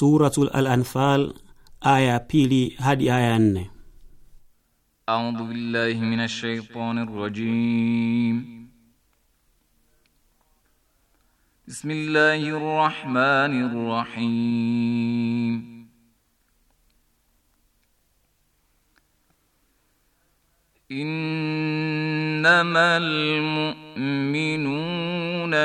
Suratul Al-Anfal aya pili hadi aya nne. A'udhu billahi minash shaitani rrajim. Bismillahir rahmanir rahim. إنما الم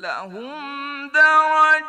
لهم درجات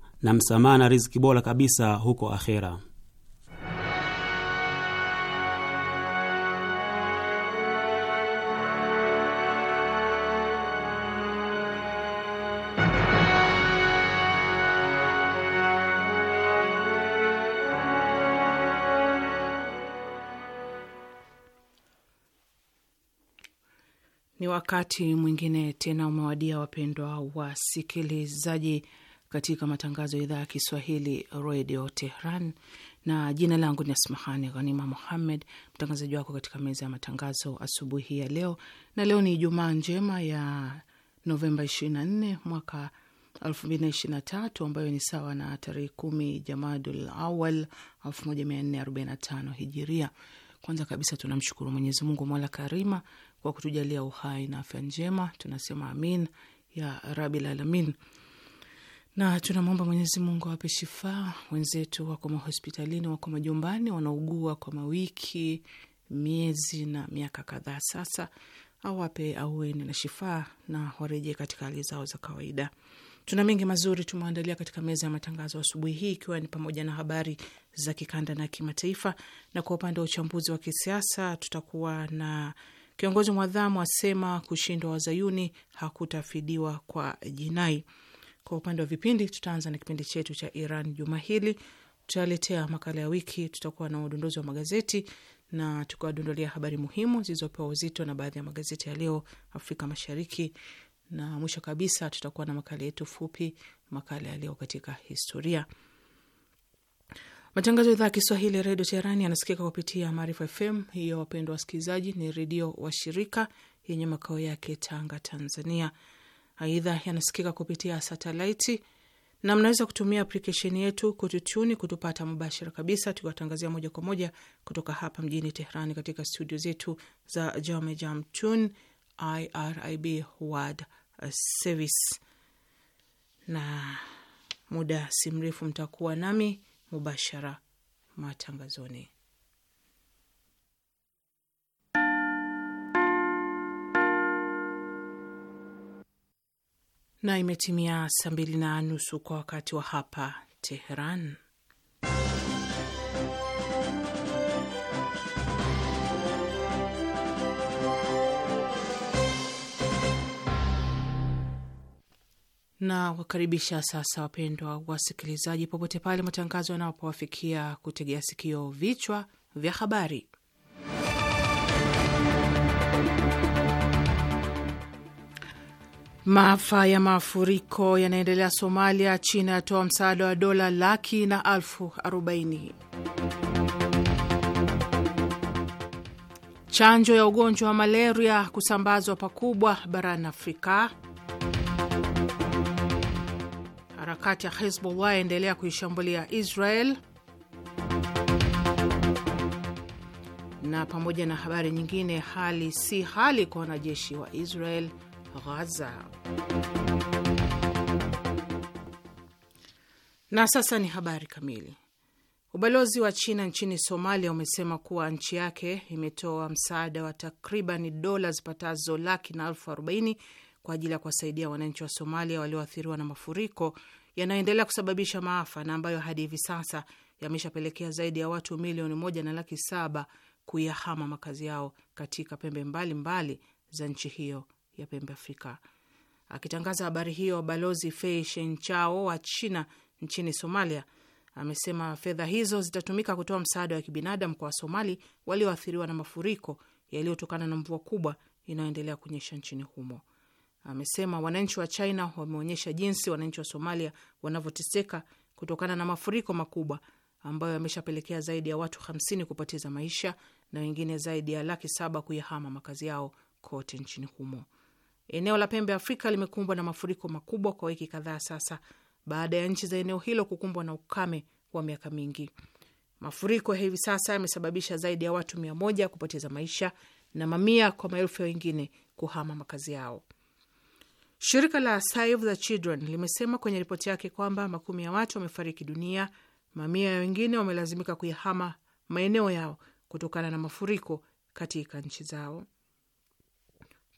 na msamaha na riziki bora kabisa huko akhera. Ni wakati mwingine tena umewadia, wapendwa wasikilizaji katika matangazo ya idhaa ya Kiswahili redio Tehran, na jina langu ni Asmahani Ghanima Muhammed, mtangazaji wako katika meza ya matangazo asubuhi ya leo. Na leo ni Ijumaa njema ya Novemba 24 mwaka 2023 ambayo ni sawa na tarehe kumi Jamadul Awal 1445 Hijiria. Kwanza kabisa tunamshukuru Mwenyezi Mungu mola karima kwa kutujalia uhai na afya njema, tunasema amin ya rabil alamin na tunamwomba Mwenyezi Mungu awape shifaa wenzetu wako mahospitalini, wako majumbani, wanaugua kwa mawiki, miezi na miaka kadhaa sasa. Awape aueni na shifaa na warejee katika hali zao za kawaida. Tuna mengi mazuri tumeandalia katika meza ya matangazo asubuhi hii, ikiwa ni pamoja na habari za kikanda na kimataifa, na kwa upande wa uchambuzi wa kisiasa tutakuwa na kiongozi mwadhamu asema kushindwa wazayuni hakutafidiwa kwa jinai kwa upande wa vipindi, tutaanza na kipindi chetu cha Iran juma hili. Tutaletea makala ya wiki, tutakuwa na udondozi wa magazeti na tukawadondolea habari muhimu zilizopewa uzito na baadhi ya magazeti ya leo Afrika Mashariki, na mwisho kabisa tutakuwa na makala yetu fupi, makala ya leo katika historia. Matangazo ya idhaa ya Kiswahili ya redio Teherani yanasikika kupitia Maarifa FM. Hiyo wapendwa wasikilizaji, ni redio wa shirika yenye makao yake Tanga, Tanzania. Aidha, yanasikika kupitia satelaiti na mnaweza kutumia aplikesheni yetu kututuni kutupata mubashara kabisa, tukiwatangazia moja kwa moja kutoka hapa mjini teherani katika studio zetu za Jamejam Tun IRIB World Service. Na muda si mrefu mtakuwa nami mubashara matangazoni. na imetimia saa mbili na nusu kwa wakati wa hapa Teheran. na wakaribisha sasa, wapendwa wasikilizaji, popote pale matangazo yanapowafikia, kutegea sikio vichwa vya habari. Maafa ya mafuriko yanaendelea Somalia. China yatoa msaada wa dola laki na elfu arobaini. Chanjo ya ugonjwa wa malaria kusambazwa pakubwa barani Afrika. Harakati ya Hezbollah yaendelea kuishambulia Israel, na pamoja na habari nyingine. Hali si hali kwa wanajeshi wa Israel Ghaza. Na sasa ni habari kamili. Ubalozi wa China nchini Somalia umesema kuwa nchi yake imetoa msaada wa takriban dola zipatazo laki na elfu arobaini kwa ajili ya kuwasaidia wananchi wa Somalia walioathiriwa na mafuriko yanayoendelea kusababisha maafa na ambayo hadi hivi sasa yameshapelekea zaidi ya watu milioni moja na laki saba kuyahama makazi yao katika pembe mbalimbali mbali za nchi hiyo ya pembe Afrika. Akitangaza habari hiyo, balozi Fei Shenchao wa China nchini Somalia amesema fedha hizo zitatumika kutoa msaada wa kibinadamu kwa Wasomali walioathiriwa na mafuriko yaliyotokana na mvua kubwa inayoendelea kunyesha nchini humo. Amesema wananchi wa China wameonyesha jinsi wananchi wa Somalia wanavyoteseka kutokana na mafuriko makubwa ambayo yameshapelekea zaidi ya watu 50 kupoteza maisha na wengine zaidi ya laki saba kuyahama makazi yao kote nchini humo. Eneo la pembe Afrika limekumbwa na mafuriko makubwa kwa wiki kadhaa sasa baada ya nchi za eneo hilo kukumbwa na ukame wa miaka mingi. Mafuriko ya hivi sasa yamesababisha zaidi ya watu mia moja kupoteza maisha na mamia kwa maelfu ya wengine kuhama makazi yao. Shirika la Save the Children limesema kwenye ripoti yake kwamba makumi ya watu wamefariki dunia, mamia ya wengine wamelazimika kuyahama maeneo yao kutokana na mafuriko katika nchi zao.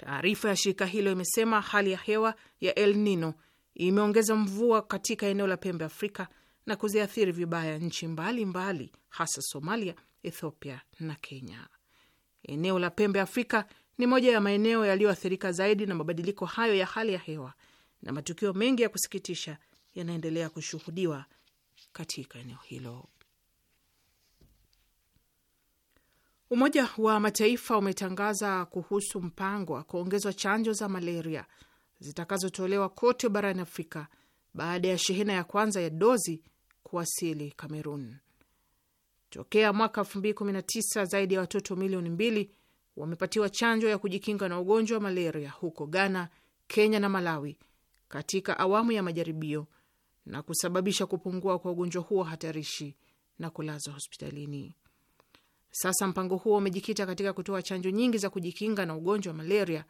Taarifa ya shirika hilo imesema hali ya hewa ya El Nino imeongeza mvua katika eneo la pembe Afrika na kuziathiri vibaya nchi mbalimbali mbali, hasa Somalia, Ethiopia na Kenya. Eneo la pembe Afrika ni moja ya maeneo yaliyoathirika zaidi na mabadiliko hayo ya hali ya hewa na matukio mengi ya kusikitisha yanaendelea kushuhudiwa katika eneo hilo. Umoja wa Mataifa umetangaza kuhusu mpango wa kuongezwa chanjo za malaria zitakazotolewa kote barani Afrika baada ya shehena ya kwanza ya dozi kuwasili Kamerun. Tokea mwaka 2019 zaidi ya watoto milioni mbili wamepatiwa chanjo ya kujikinga na ugonjwa wa malaria huko Ghana, Kenya na Malawi katika awamu ya majaribio na kusababisha kupungua kwa ugonjwa huo hatarishi na kulazwa hospitalini. Sasa mpango huo umejikita katika kutoa chanjo nyingi za kujikinga na ugonjwa wa malaria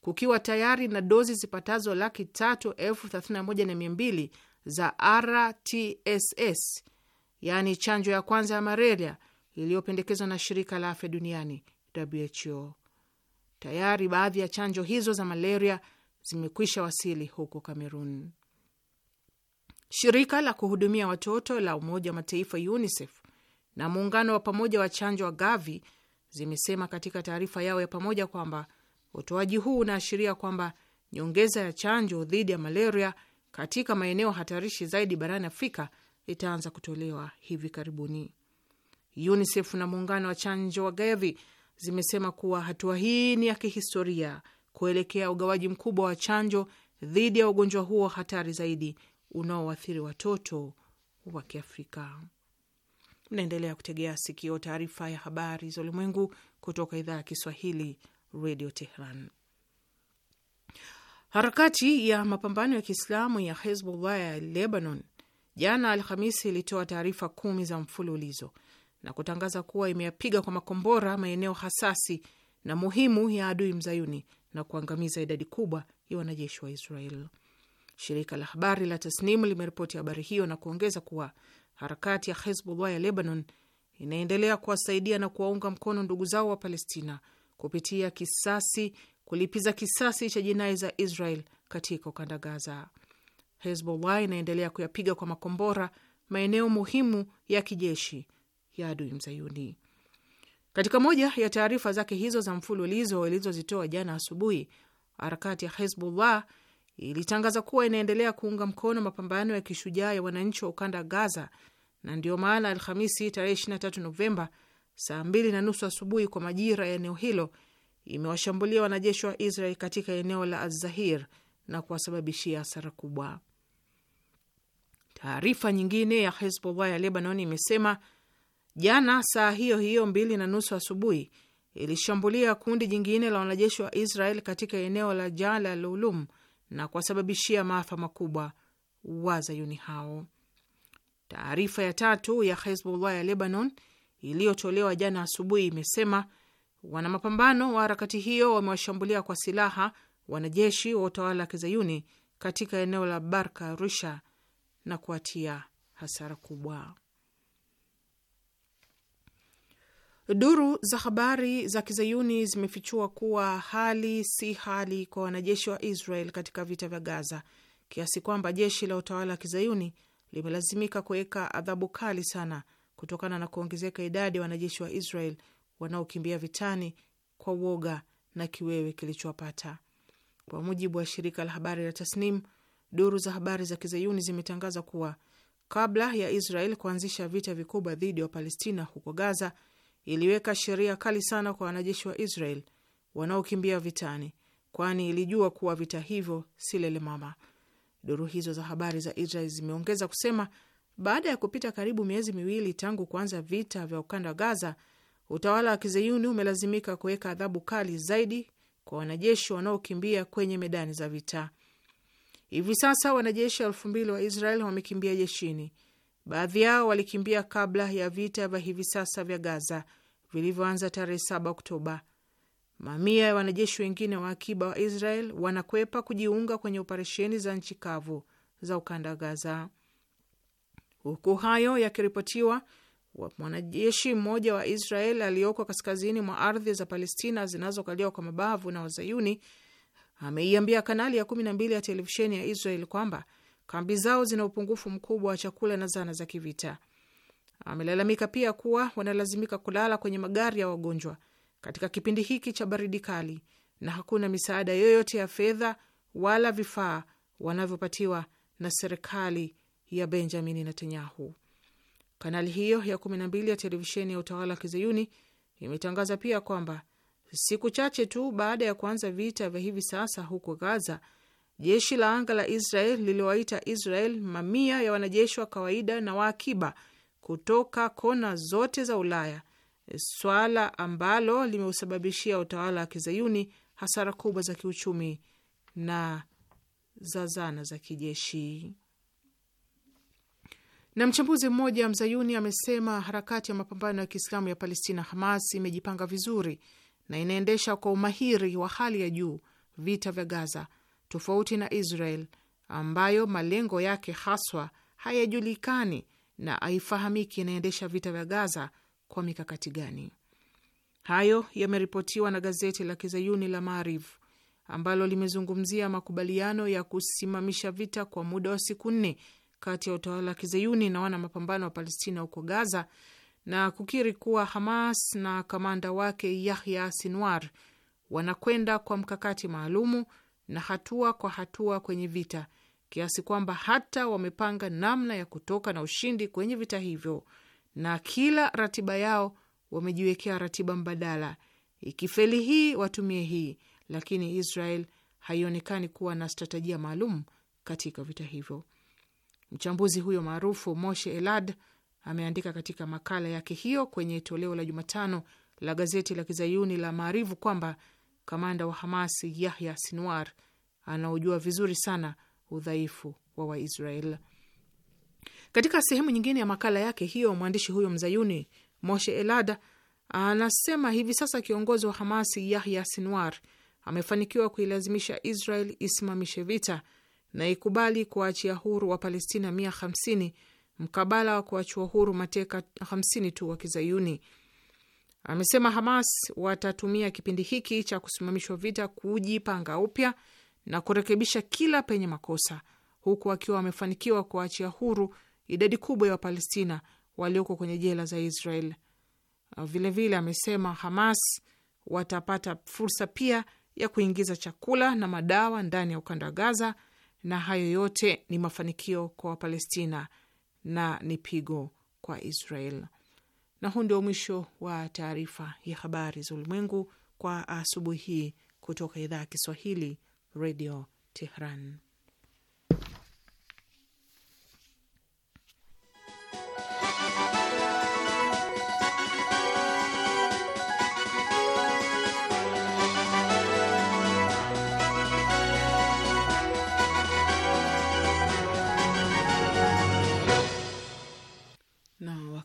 kukiwa tayari na dozi zipatazo laki tatu elfu thelathini na moja na mia mbili za RTSS, yaani chanjo ya kwanza ya malaria iliyopendekezwa na shirika la afya duniani WHO. Tayari baadhi ya chanjo hizo za malaria zimekwisha wasili huko Kamerun. Shirika la kuhudumia watoto la Umoja wa Mataifa UNICEF na muungano wa pamoja wa chanjo wa Gavi zimesema katika taarifa yao ya pamoja kwamba utoaji huu unaashiria kwamba nyongeza ya chanjo dhidi ya malaria katika maeneo hatarishi zaidi barani Afrika itaanza kutolewa hivi karibuni. UNICEF na muungano wa chanjo wa Gavi zimesema kuwa hatua hii ni ya kihistoria kuelekea ugawaji mkubwa wa chanjo dhidi ya ugonjwa huo hatari zaidi unaoathiri watoto wa Kiafrika. Mnaendelea kutegea sikio taarifa ya habari za ulimwengu kutoka idhaa ya Kiswahili, Radio Tehran. Harakati ya mapambano ya Kiislamu ya Hezbollah ya Lebanon jana Alhamisi ilitoa taarifa kumi za mfululizo na kutangaza kuwa imeyapiga kwa makombora maeneo hasasi na muhimu ya adui mzayuni na kuangamiza idadi kubwa ya wanajeshi wa Israel. Shirika la habari la Tasnim limeripoti habari hiyo na kuongeza kuwa harakati ya Hezbollah ya Lebanon inaendelea kuwasaidia na kuwaunga mkono ndugu zao wa Palestina kupitia kisasi kulipiza kisasi cha jinai za Israel katika ukanda Gaza. Hezbollah inaendelea kuyapiga kwa makombora maeneo muhimu ya kijeshi ya adui mzayuni. Katika moja ya taarifa zake hizo za mfululizo ilizozitoa jana asubuhi, harakati ya Hezbollah ilitangaza kuwa inaendelea kuunga mkono mapambano ya kishujaa ya wananchi wa ukanda wa Gaza, na ndiyo maana Alhamisi tarehe 23 Novemba saa mbili na nusu asubuhi kwa majira ya eneo hilo imewashambulia wanajeshi wa Israel katika eneo la Azahir na kuwasababishia hasara kubwa. Taarifa nyingine ya Hezbollah ya Lebanon imesema jana saa hiyo hiyo mbili na nusu asubuhi ilishambulia kundi jingine la wanajeshi wa Israel katika eneo la Jala Lulum na kuwasababishia maafa makubwa wazayuni hao. Taarifa ya tatu ya Hezbollah ya Lebanon iliyotolewa jana asubuhi imesema wanamapambano wa harakati hiyo wamewashambulia kwa silaha wanajeshi wa utawala wa kizayuni katika eneo la Barka Rusha na kuatia hasara kubwa. Duru za habari za kizayuni zimefichua kuwa hali si hali kwa wanajeshi wa Israel katika vita vya Gaza, kiasi kwamba jeshi la utawala wa kizayuni limelazimika kuweka adhabu kali sana kutokana na kuongezeka idadi ya wanajeshi wa Israel wanaokimbia vitani kwa uoga na kiwewe kilichowapata. Kwa mujibu wa shirika la habari la Tasnim, duru za habari za kizayuni zimetangaza kuwa kabla ya Israel kuanzisha vita vikubwa dhidi ya Wapalestina huko Gaza, iliweka sheria kali sana kwa wanajeshi wa Israel wanaokimbia vitani, kwani ilijua kuwa vita hivyo si mama. Duru hizo za habari za Israel zimeongeza kusema baada ya kupita karibu miezi miwili tangu kuanza vita vya ukanda wa Gaza, utawala wa kizeyuni umelazimika kuweka adhabu kali zaidi kwa wanajeshi wanaokimbia kwenye medani za vita. Hivi sasa wanajeshi elfu mbili wa Israel wamekimbia jeshini Baadhi yao walikimbia kabla ya vita vya hivi sasa vya Gaza vilivyoanza tarehe 7 Oktoba. Mamia ya wanajeshi wengine wa akiba wa Israel wanakwepa kujiunga kwenye operesheni za nchi kavu za ukanda wa Gaza. Huku hayo yakiripotiwa, mwanajeshi mmoja wa Israel aliyoko kaskazini mwa ardhi za Palestina zinazokaliwa kwa mabavu na Wazayuni ameiambia kanali ya 12 ya televisheni ya Israel kwamba Kambi zao zina upungufu mkubwa wa chakula na zana za kivita. Amelalamika pia kuwa wanalazimika kulala kwenye magari ya wagonjwa katika kipindi hiki cha baridi kali, na hakuna misaada yoyote ya fedha wala vifaa wanavyopatiwa na serikali ya Benjamin Netanyahu. Kanali hiyo ya 12 ya televisheni ya utawala wa kizayuni imetangaza pia kwamba siku chache tu baada ya kuanza vita vya hivi sasa huko Gaza, Jeshi la anga la Israel liliwaita Israel mamia ya wanajeshi wa kawaida na wa akiba kutoka kona zote za Ulaya, swala ambalo limeusababishia utawala wa kizayuni hasara kubwa za kiuchumi na za zana za kijeshi. Na mchambuzi mmoja mzayuni amesema harakati ya mapambano ya Kiislamu ya Palestina, Hamas, imejipanga vizuri na inaendesha kwa umahiri wa hali ya juu vita vya Gaza tofauti na Israel ambayo malengo yake haswa hayajulikani na haifahamiki inaendesha vita vya Gaza kwa mikakati gani. Hayo yameripotiwa na gazeti la kizayuni la Maarifu ambalo limezungumzia makubaliano ya kusimamisha vita kwa muda wa siku nne kati ya utawala wa kizayuni na wana mapambano wa Palestina huko Gaza na kukiri kuwa Hamas na kamanda wake Yahya Sinwar wanakwenda kwa mkakati maalumu na hatua kwa hatua kwenye vita kiasi kwamba hata wamepanga namna ya kutoka na ushindi kwenye vita hivyo, na kila ratiba yao wamejiwekea ratiba mbadala, ikifeli hii watumie hii. Lakini Israel haionekani kuwa na stratejia maalum katika vita hivyo. Mchambuzi huyo maarufu Moshe Elad ameandika katika makala yake hiyo kwenye toleo la Jumatano la gazeti la kizayuni la Maarivu kwamba kamanda wa Hamas Yahya Sinwar anaojua vizuri sana udhaifu wa Waisrael. Katika sehemu nyingine ya makala yake hiyo, mwandishi huyo mzayuni Moshe Elada anasema hivi sasa kiongozi wa Hamas Yahya Sinwar amefanikiwa kuilazimisha Israel isimamishe vita na ikubali kuwaachia huru wa Palestina 150 mkabala wa kuachiwa huru mateka 50 tu wa kizayuni. Amesema Hamas watatumia kipindi hiki cha kusimamishwa vita kujipanga upya na kurekebisha kila penye makosa, huku akiwa wamefanikiwa kuwaachia huru idadi kubwa ya Wapalestina walioko kwenye jela za Israel. Vilevile vile amesema Hamas watapata fursa pia ya kuingiza chakula na madawa ndani ya ukanda wa Gaza, na hayo yote ni mafanikio kwa Wapalestina na ni pigo kwa Israel. Na huu ndio mwisho wa taarifa ya habari za ulimwengu kwa asubuhi hii kutoka idhaa ya Kiswahili, Radio Tehran.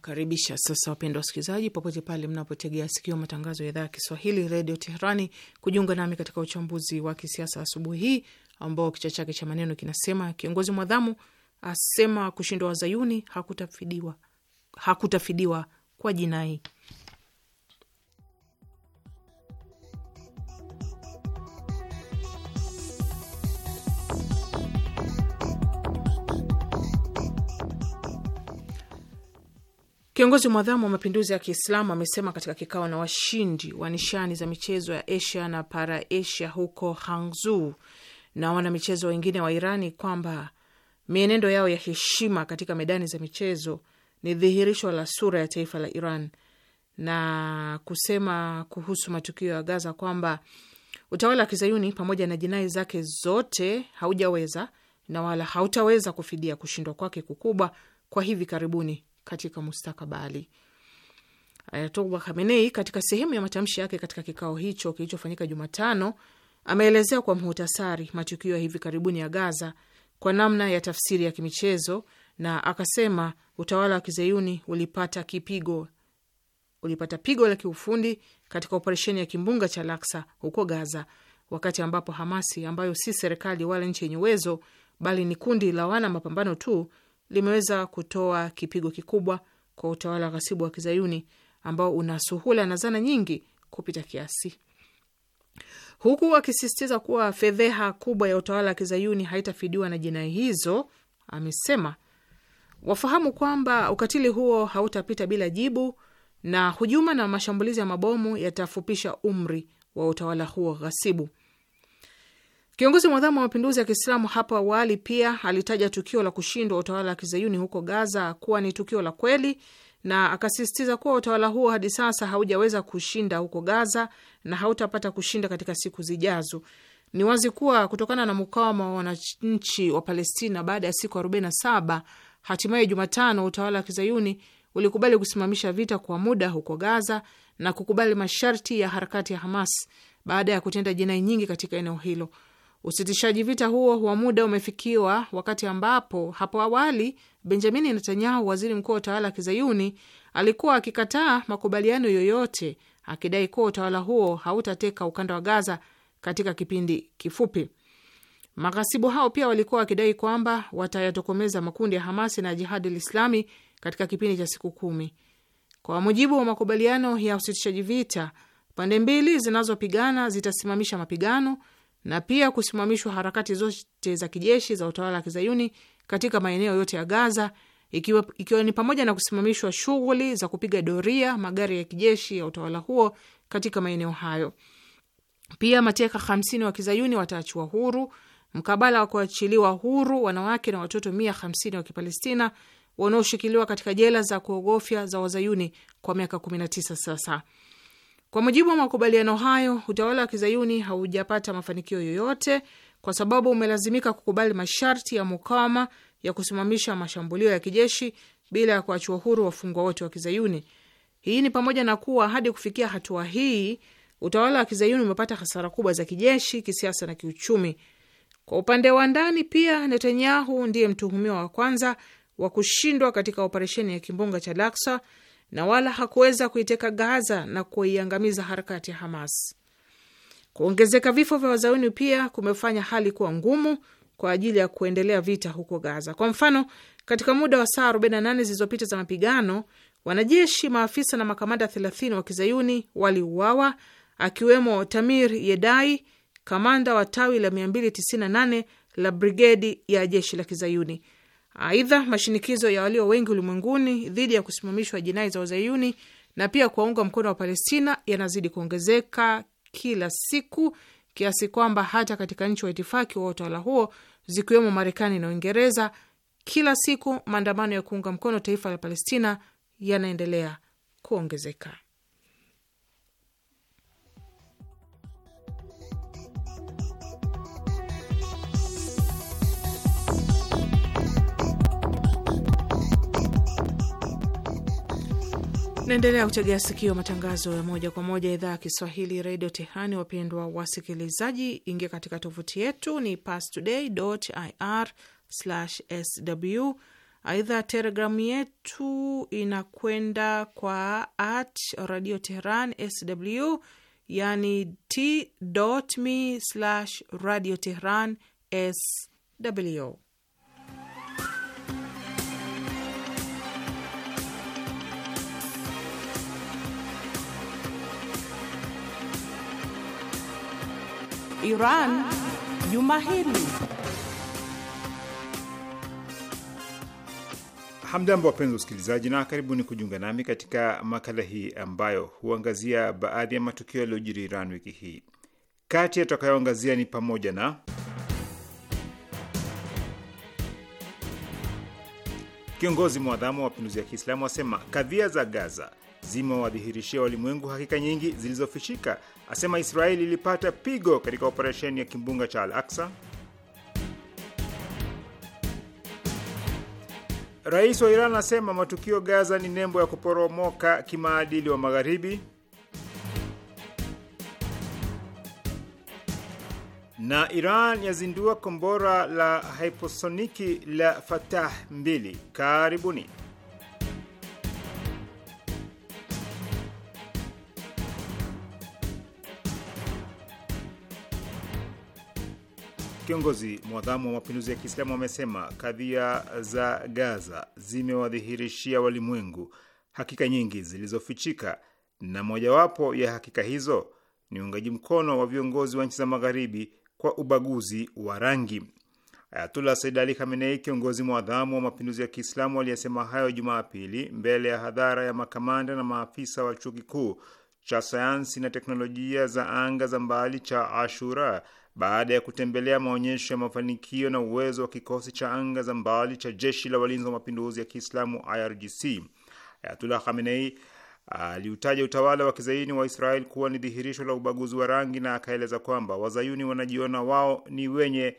nawakaribisha sasa, wapendwa wasikilizaji, popote pale mnapotegea sikio matangazo ya idhaa ya Kiswahili redio Teherani, kujiunga nami katika uchambuzi wa kisiasa asubuhi hii ambao kichwa chake cha maneno kinasema: kiongozi mwadhamu asema kushindwa wazayuni hakutafidiwa, hakutafidiwa kwa jinai Kiongozi mwadhamu wa mapinduzi ya Kiislamu amesema katika kikao na washindi wa nishani za michezo ya Asia na para Asia huko Hangzhou na wanamichezo wengine wa Irani kwamba mienendo yao ya heshima katika medani za michezo ni dhihirisho la sura ya taifa la Iran na kusema kuhusu matukio ya Gaza kwamba utawala wa kizayuni pamoja na jinai zake zote haujaweza na wala hautaweza kufidia kushindwa kwake kukubwa kwa hivi karibuni katika mustakabali. Ayatollah eh, Khamenei katika sehemu ya matamshi yake katika kikao hicho kilichofanyika Jumatano ameelezea kwa muhtasari matukio ya hivi karibuni ya Gaza kwa namna ya tafsiri ya kimichezo na akasema utawala wa kizeyuni ulipata kipigo, ulipata pigo la kiufundi katika operesheni ya kimbunga cha Laksa huko Gaza, wakati ambapo Hamasi ambayo si serikali wala nchi yenye uwezo bali ni kundi la wana mapambano tu limeweza kutoa kipigo kikubwa kwa utawala ghasibu wa kizayuni ambao una suhula na zana nyingi kupita kiasi, huku akisisitiza kuwa fedheha kubwa ya utawala wa kizayuni haitafidiwa na jinai hizo. Amesema wafahamu kwamba ukatili huo hautapita bila jibu na hujuma na mashambulizi ya mabomu yatafupisha umri wa utawala huo ghasibu Kiongozi mwadhamu wa mapinduzi ya Kiislamu hapo awali pia alitaja tukio la kushindwa utawala wa kizayuni huko Gaza kuwa ni tukio la kweli na akasisitiza kuwa utawala huo hadi sasa haujaweza kushinda huko Gaza na hautapata kushinda katika siku zijazo. Ni wazi kuwa kutokana na mkawama wa wananchi wa Palestina baada ya siku 47 hatimaye Jumatano utawala wa kizayuni ulikubali kusimamisha vita kwa muda huko Gaza na kukubali masharti ya harakati ya Hamas baada ya kutenda jinai nyingi katika eneo hilo. Usitishaji vita huo wa muda umefikiwa wakati ambapo hapo awali Benjamini Netanyahu, waziri mkuu wa utawala wa kizayuni, alikuwa akikataa makubaliano yoyote, akidai kuwa utawala huo hautateka ukanda wa Gaza katika kipindi kifupi. Maghasibu hao pia walikuwa wakidai kwamba watayatokomeza makundi ya Hamasi na Jihadi lislami katika kipindi cha siku kumi. Kwa mujibu wa makubaliano ya usitishaji vita, pande mbili zinazopigana zitasimamisha mapigano na pia kusimamishwa harakati zote za kijeshi za utawala wa kizayuni katika maeneo yote ya Gaza, ikiwa, ikiwa ni pamoja na kusimamishwa shughuli za kupiga doria magari ya kijeshi ya utawala huo katika maeneo hayo. Pia mateka 50 wa kizayuni wataachiwa huru mkabala wa kuachiliwa huru wanawake na watoto 150 wa Kipalestina wanaoshikiliwa katika jela za kuogofya za wazayuni kwa miaka 19 sasa. Kwa mujibu wa makubaliano hayo, utawala wa kizayuni haujapata mafanikio yoyote kwa sababu umelazimika kukubali masharti ya mukawama ya kusimamisha mashambulio ya kijeshi bila ya kuachia huru wafungwa wote wa kizayuni. Hii ni pamoja na kuwa hadi kufikia hatua hii utawala wa kizayuni umepata hasara kubwa za kijeshi, kisiasa na kiuchumi. Kwa upande wa ndani pia, Netanyahu ndiye mtuhumiwa wa kwanza wa kushindwa katika operesheni ya kimbunga cha Laksa na wala hakuweza kuiteka Gaza na kuiangamiza harakati ya Hamas. Kuongezeka vifo vya wazayuni pia kumefanya hali kuwa ngumu kwa ajili ya kuendelea vita huko Gaza. Kwa mfano, katika muda wa saa 48 zilizopita za mapigano, wanajeshi, maafisa na makamanda 30 wa kizayuni waliuawa, akiwemo Tamir Yedai, kamanda wa tawi la 298 la brigedi ya jeshi la kizayuni. Aidha, mashinikizo ya walio wengi ulimwenguni dhidi ya kusimamishwa jinai za wazayuni na pia kuwaunga mkono wa Palestina yanazidi kuongezeka kila siku kiasi kwamba hata katika nchi wa itifaki wa utawala huo zikiwemo Marekani na Uingereza, kila siku maandamano ya kuunga mkono taifa la Palestina yanaendelea kuongezeka. Naendelea kutegea sikio matangazo ya moja kwa moja idhaa ya Kiswahili redio Tehrani. Wapendwa wasikilizaji, ingia katika tovuti yetu ni pastoday.ir/sw. Aidha, telegramu yetu inakwenda kwa at radio tehran sw, yani t.me radio tehran sw Iran juma hili. Hamjambo, wapenzi wasikilizaji, na karibuni kujiunga nami katika makala hii ambayo huangazia baadhi ya matukio yaliyojiri Iran wiki hii. Kati yatakayoangazia ni pamoja na kiongozi mwadhamu wa mapinduzi ya Kiislamu asema kadhia za Gaza zima wadhihirishia walimwengu hakika nyingi zilizofichika. Asema Israeli ilipata pigo katika operesheni ya kimbunga cha al aksa Rais wa Iran anasema matukio Gaza ni nembo ya kuporomoka kimaadili wa Magharibi. na Iran yazindua kombora la hiposoniki la Fatah 2. Karibuni. Kiongozi mwadhamu wa mapinduzi ya Kiislamu wamesema kadhia za Gaza zimewadhihirishia walimwengu hakika nyingi zilizofichika, na mojawapo ya hakika hizo ni uungaji mkono wa viongozi wa nchi za Magharibi kwa ubaguzi wa rangi. Ayatullah Said Ali Khamenei, kiongozi mwadhamu wa mapinduzi ya Kiislamu, aliyesema hayo Jumapili mbele ya hadhara ya makamanda na maafisa wa chuo kikuu cha sayansi na teknolojia za anga za mbali cha Ashura baada ya kutembelea maonyesho ya mafanikio na uwezo wa kikosi cha anga za mbali cha jeshi la walinzi wa mapinduzi ya Kiislamu IRGC, Ayatullah Khamenei aliutaja utawala wa kizaini wa Israel kuwa ni dhihirisho la ubaguzi wa rangi na akaeleza kwamba wazayuni wanajiona wao ni wenye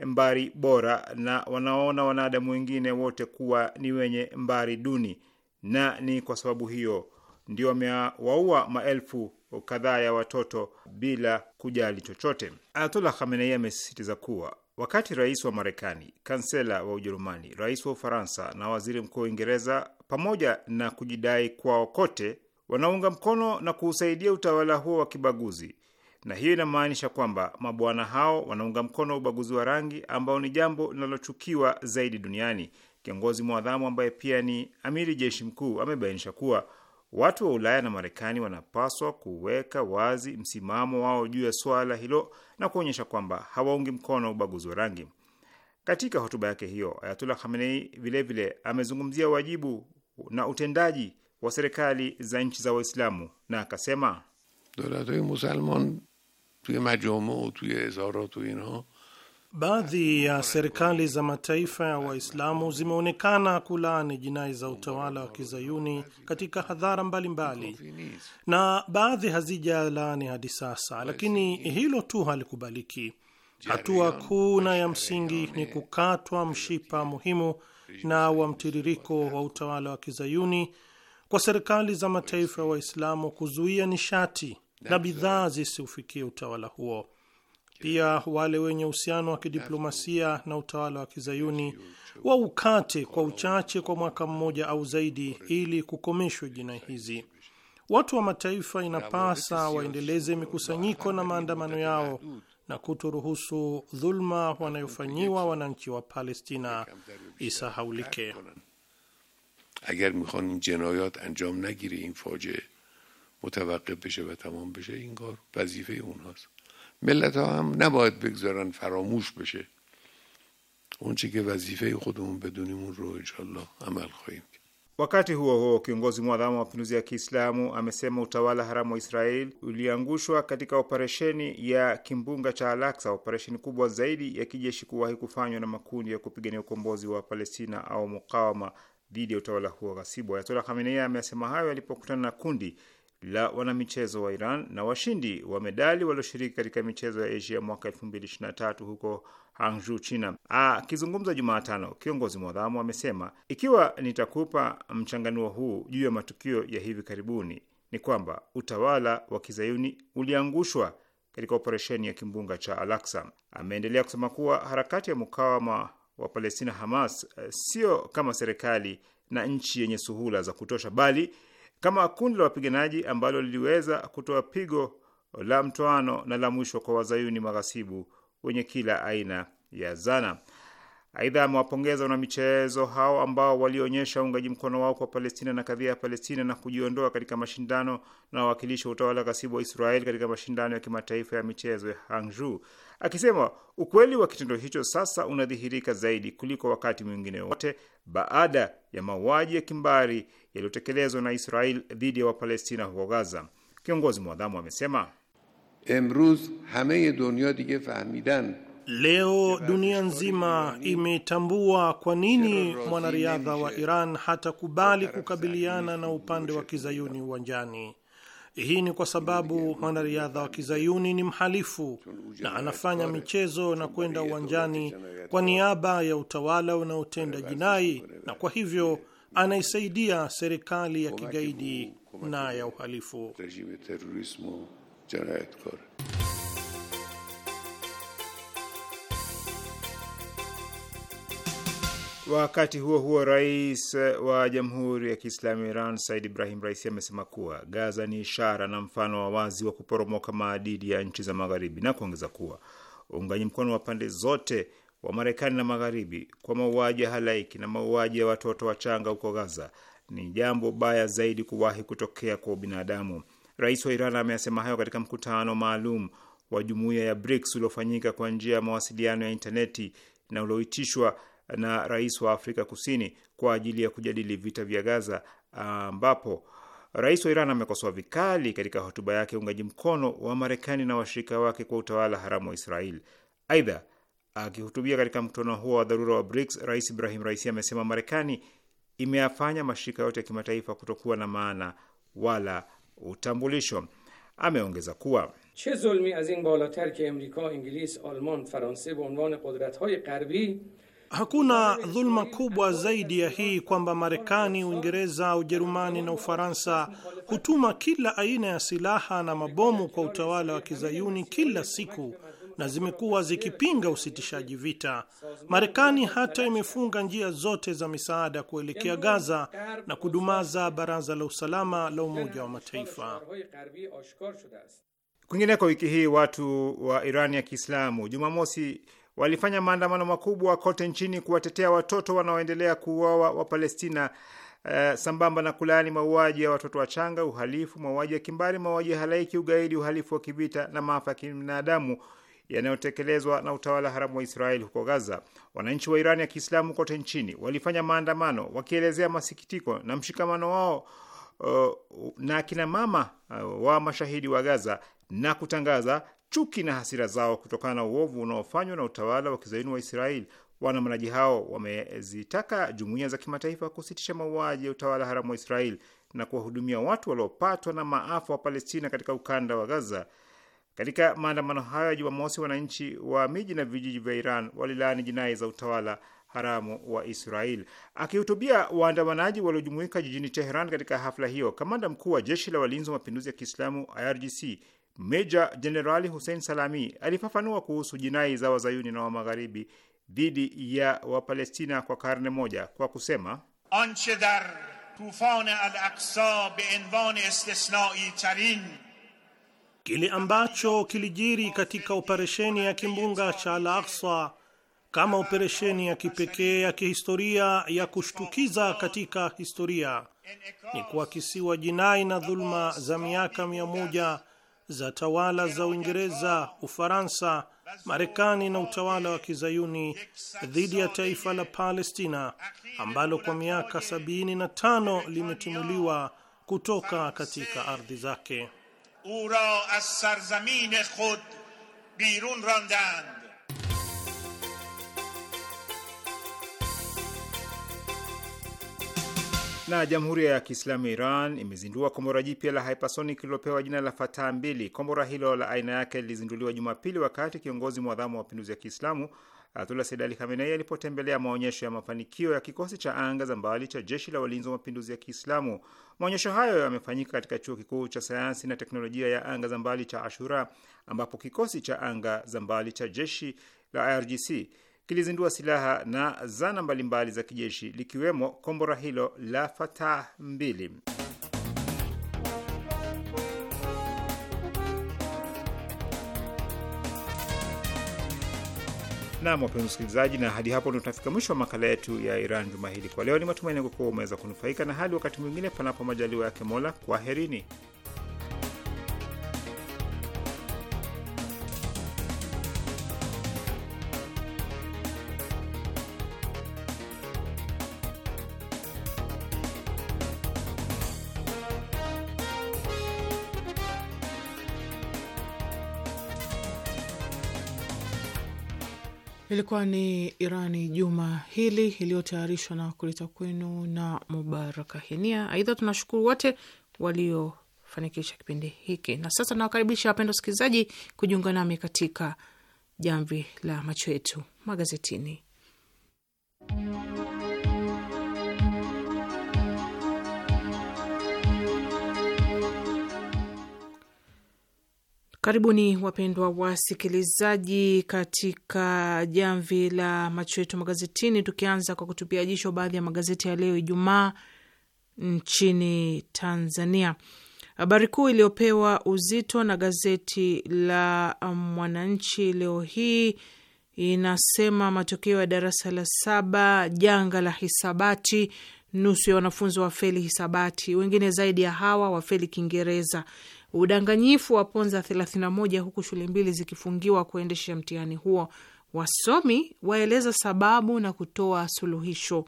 mbari bora na wanaona wanadamu wengine wote kuwa ni wenye mbari duni, na ni kwa sababu hiyo ndio wamewaua maelfu kadhaa ya watoto bila kujali chochote. Ayatollah Khamenei amesisitiza kuwa wakati rais wa Marekani, kansela wa Ujerumani, rais wa Ufaransa na waziri mkuu wa Uingereza, pamoja na kujidai kwao kote, wanaunga mkono na kuusaidia utawala huo wa kibaguzi, na hiyo inamaanisha kwamba mabwana hao wanaunga mkono ubaguzi wa rangi ambao ni jambo linalochukiwa zaidi duniani. Kiongozi mwadhamu ambaye pia ni amiri jeshi mkuu amebainisha kuwa Watu wa Ulaya na Marekani wanapaswa kuweka wazi msimamo wao juu ya suala hilo na kuonyesha kwamba hawaungi mkono ubaguzi wa rangi. Katika hotuba yake hiyo, Ayatullah Khamenei vilevile amezungumzia wajibu na utendaji wa serikali za nchi za Waislamu na akasema dolatay musalman tuye majamuu tuye inha Baadhi ya serikali za mataifa ya Waislamu zimeonekana kulaani jinai za utawala wa kizayuni katika hadhara mbalimbali mbali, na baadhi hazijalaani hadi sasa, lakini hilo tu halikubaliki. Hatua kuu na ya msingi ni kukatwa mshipa muhimu na wa mtiririko wa utawala wa kizayuni kwa serikali za mataifa ya Waislamu kuzuia nishati na bidhaa zisiufikie utawala huo. Pia wale wenye uhusiano wa kidiplomasia na utawala wa kizayuni waukate kwa uchache kwa mwaka mmoja au zaidi, ili kukomeshwa jinai hizi. Watu wa mataifa inapasa waendeleze mikusanyiko na maandamano yao na kutoruhusu dhulma wanayofanyiwa wananchi wa Palestina isahaulike. agar mikhon in jinayat anjam nagire in faje mutawaqqif beshe va tamam beshe in kar vazife unhast ملت ها هم نباید بگذارن فراموش بشه اون که وظیفه خودمون بدونیم اون رو انشالله عمل خواهیم Wakati huo huo kiongozi mwadhamu wa mapinduzi ya Kiislamu amesema utawala haramu wa Israel uliangushwa katika operesheni ya kimbunga cha Al-Aqsa, operesheni kubwa zaidi ya kijeshi kuwahi kufanywa na makundi ya kupigania ukombozi wa Palestina au mukawama dhidi ya utawala huo ghasibu. Ayatollah Khamenei amesema hayo alipokutana na kundi la wanamichezo wa Iran na washindi wa medali walioshiriki katika michezo ya Asia mwaka 2023 huko Hangzhou, China. Ah, akizungumza Jumatano, kiongozi mwadhamu amesema, ikiwa nitakupa mchanganuo huu juu ya matukio ya hivi karibuni ni kwamba utawala wa kizayuni uliangushwa katika operesheni ya kimbunga cha Al-Aqsa. Ameendelea kusema kuwa harakati ya mukawama wa Palestina Hamas eh, sio kama serikali na nchi yenye suhula za kutosha, bali kama kundi la wapiganaji ambalo liliweza kutoa pigo la mtoano na la mwisho kwa wazayuni maghasibu wenye kila aina ya zana. Aidha, amewapongeza michezo hao ambao walionyesha uungaji mkono wao kwa Palestina na kadhia ya Palestina na kujiondoa katika mashindano na wawakilishi wa utawala ghasibu wa Israeli katika mashindano ya kimataifa ya michezo ya Hangzhou akisema ukweli wa kitendo hicho sasa unadhihirika zaidi kuliko wakati mwingine wote baada ya mauaji ya kimbari yaliyotekelezwa na Israel dhidi ya Wapalestina huko Gaza. Kiongozi mwadhamu amesema emruz hame dige fahmidan Leo dunia nzima imetambua kwa nini mwanariadha wa Iran hatakubali kukabiliana na upande wa kizayuni uwanjani. Hii ni kwa sababu mwanariadha wa kizayuni ni mhalifu na anafanya michezo na kwenda uwanjani kwa niaba ya utawala unaotenda jinai, na kwa hivyo anaisaidia serikali ya kigaidi na ya uhalifu. Wakati huo huo, rais wa Jamhuri ya Kiislamu ya Iran Said Ibrahim Raisi amesema kuwa Gaza ni ishara na mfano wa wazi wa kuporomoka maadili ya nchi za Magharibi na kuongeza kuwa uungaji mkono wa pande zote wa Marekani na Magharibi kwa mauaji ya halaiki na mauaji ya watoto wachanga huko Gaza ni jambo baya zaidi kuwahi kutokea kwa ubinadamu. Rais wa Iran ameyasema hayo katika mkutano maalum wa jumuiya ya BRICS uliofanyika kwa njia ya mawasiliano ya intaneti na ulioitishwa na rais wa Afrika Kusini kwa ajili ya kujadili vita vya Gaza, ambapo rais wa Iran amekosoa vikali katika hotuba yake uungaji mkono wa Marekani na washirika wake kwa utawala haramu wa Israel. Aidha, akihutubia katika mkutano huo wa dharura wa BRICS, rais Ibrahim Raisi amesema Marekani imeyafanya mashirika yote ya kimataifa kutokuwa na maana wala utambulisho. Ameongeza kuwa che zulmi az in balatar ke amrika inglis alman faranse be unvan qudrathay gharbi Hakuna dhulma kubwa zaidi ya hii kwamba Marekani, Uingereza, Ujerumani na Ufaransa hutuma kila aina ya silaha na mabomu kwa utawala wa kizayuni kila siku na zimekuwa zikipinga usitishaji vita. Marekani hata imefunga njia zote za misaada kuelekea Gaza na kudumaza Baraza la Usalama la Umoja wa Mataifa. Kwingineko, wiki hii watu wa Irani ya Kiislamu Jumamosi walifanya maandamano makubwa kote nchini kuwatetea watoto wanaoendelea kuuawa wa Palestina, uh, sambamba na kulaani mauaji ya watoto wachanga, uhalifu, mauaji ya kimbari, mauaji ya halaiki, ugaidi, uhalifu wa kivita na maafa ya kibinadamu yanayotekelezwa na utawala haramu wa Israeli huko Gaza. Wananchi wa Irani ya Kiislamu kote nchini walifanya maandamano wakielezea masikitiko na mshikamano wao uh, na akinamama uh, eh, wa mashahidi wa Gaza na kutangaza chuki na hasira zao kutokana na uovu unaofanywa na utawala wa kizaini wa israel Waandamanaji hao wamezitaka jumuiya za kimataifa kusitisha mauaji ya utawala haramu wa israel na kuwahudumia watu waliopatwa na maafa wa Palestina katika ukanda wa Gaza. Katika maandamano hayo ya Jumamosi, wananchi wa miji na vijiji vya Iran walilaani jinai za utawala haramu wa Israel. Akihutubia waandamanaji waliojumuika jijini Teheran katika hafla hiyo, kamanda mkuu wa jeshi la walinzi wa mapinduzi ya Kiislamu IRGC Meja Jenerali Hussein Salami alifafanua kuhusu jinai za wazayuni na wa magharibi dhidi ya Wapalestina kwa karne moja kwa kusema anche dar tufan al-Aqsa be istisnai tarin Kile ambacho kilijiri katika operesheni ya kimbunga cha Al-Aqsa kama operesheni ya kipekee ya kihistoria ya kushtukiza katika historia ni kuakisiwa jinai na dhuluma za miaka mia moja za tawala za Uingereza, Ufaransa, Marekani na utawala wa kizayuni dhidi ya taifa la Palestina ambalo kwa miaka 75 limetimuliwa kutoka katika ardhi zake u ra khud birun randand Na Jamhuri ya Kiislamu ya Iran imezindua kombora jipya la hypersonic lililopewa jina la Fataa mbili. Kombora hilo la aina yake lilizinduliwa Jumapili wakati kiongozi mwadhamu wa mapinduzi ya Kiislamu Ayatullah Sayyid Ali Khamenei alipotembelea maonyesho ya mafanikio ya kikosi cha anga za mbali cha jeshi la walinzi wa mapinduzi ya Kiislamu. Maonyesho hayo yamefanyika katika chuo kikuu cha sayansi na teknolojia ya anga za mbali cha Ashura, ambapo kikosi cha anga za mbali cha jeshi la IRGC kilizindua silaha na zana mbalimbali za kijeshi likiwemo kombora hilo la Fatah mbili. Nam, wapenzi msikilizaji, na hadi hapo ndo tunafika mwisho wa makala yetu ya Iran juma hili. Kwa leo, ni matumaini yangu kuwa umeweza kunufaika, na hadi wakati mwingine, panapo majaliwa yake Mola, kwaherini. ilikuwa ni Irani juma hili, iliyotayarishwa na kuleta kwenu na Mubaraka Henia. Aidha, tunashukuru wote waliofanikisha kipindi hiki, na sasa nawakaribisha wapendwa wasikilizaji kujiunga nami katika jamvi la macho yetu magazetini. Karibuni wapendwa wasikilizaji, katika jamvi la macho yetu magazetini, tukianza kwa kutupia jicho baadhi ya magazeti ya leo Ijumaa nchini Tanzania. Habari kuu iliyopewa uzito na gazeti la Mwananchi leo hii inasema matokeo ya darasa la saba, janga la hisabati, nusu ya wanafunzi wafeli hisabati, wengine zaidi ya hawa wafeli Kiingereza. Udanganyifu wa ponza 31 huku shule mbili zikifungiwa kuendesha mtihani huo. Wasomi waeleza sababu na kutoa suluhisho.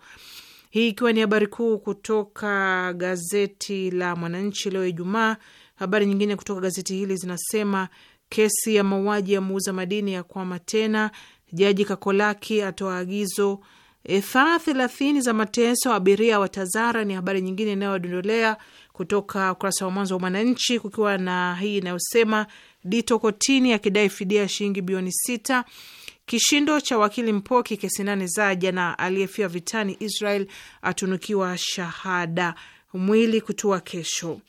Hii ikiwa ni habari kuu kutoka gazeti la Mwananchi leo Ijumaa. Habari nyingine kutoka gazeti hili zinasema kesi ya mauaji ya muuza madini ya kwama tena, Jaji Kakolaki atoa agizo. Saa thelathini za mateso abiria wa Tazara ni habari nyingine inayodondolea kutoka ukurasa wa mwanzo wa Mwananchi, kukiwa na hii inayosema Dito kotini akidai fidia ya shilingi bilioni sita. Kishindo cha wakili Mpoki kesi nane za jana, aliyefia vitani Israel atunukiwa shahada, mwili kutua kesho.